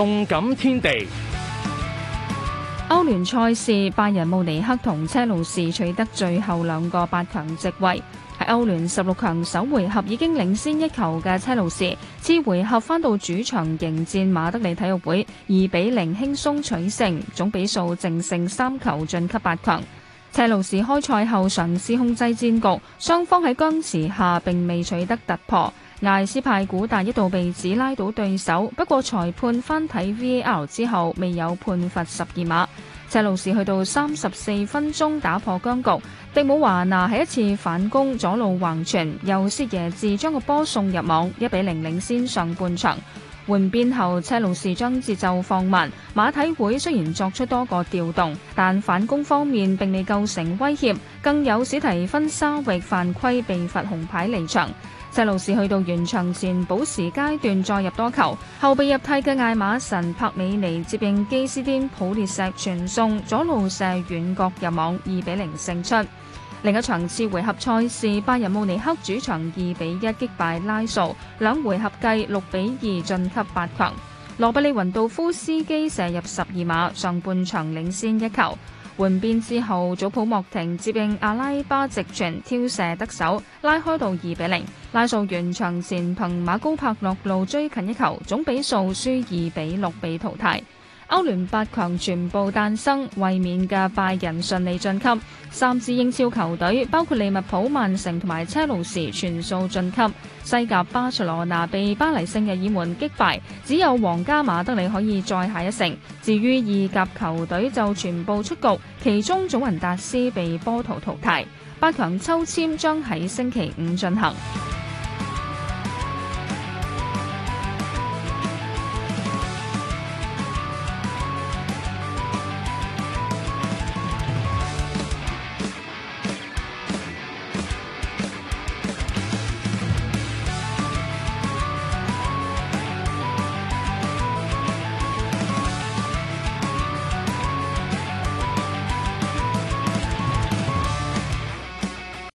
動感天地。歐聯賽事，拜仁慕尼黑同車路士取得最後兩個八強席位。喺歐聯十六強首回合已經領先一球嘅車路士，次回合返到主場迎戰馬德里體育會，二比零輕鬆取勝，總比數淨勝三球晉級八強。車路士開賽後嘗試控制戰局，雙方喺僵持下並未取得突破。艾斯派古達一度被指拉倒對手，不過裁判翻睇 VAR 之後，未有判罰十二碼。赤路士去到三十四分鐘打破僵局，迪姆華拿喺一次反攻左路橫傳，由施耶治將個波送入網，一比零領先上半場。換邊後赤路士將節奏放慢，馬體會雖然作出多個調動，但反攻方面並未構成威脅，更有史提芬沙域犯規被罰紅牌離場。車路士去到完場前補時階段再入多球，後備入替嘅艾馬神柏美尼接應基斯甸普列石傳送左路射遠角入網，二比零勝出。另一場次回合賽事，拜仁慕尼黑主場二比一擊敗拉素，兩回合計六比二晉級八強。羅布里雲道夫斯基射入十二碼，上半場領先一球。換邊之後，祖普莫廷接應阿拉巴直傳，挑射得手，拉開到二比零。拉素完場前憑馬高柏落路追近一球，總比數輸二比六被淘汰。歐聯八強全部誕生，衛冕嘅拜仁順利晉級，三支英超球隊包括利物浦、曼城同埋車路士全數晉級。西甲巴塞羅那被巴黎聖日耳門擊敗，只有皇家馬德里可以再下一城。至於二甲球隊就全部出局，其中祖雲達斯被波圖淘汰。八強抽籤將喺星期五進行。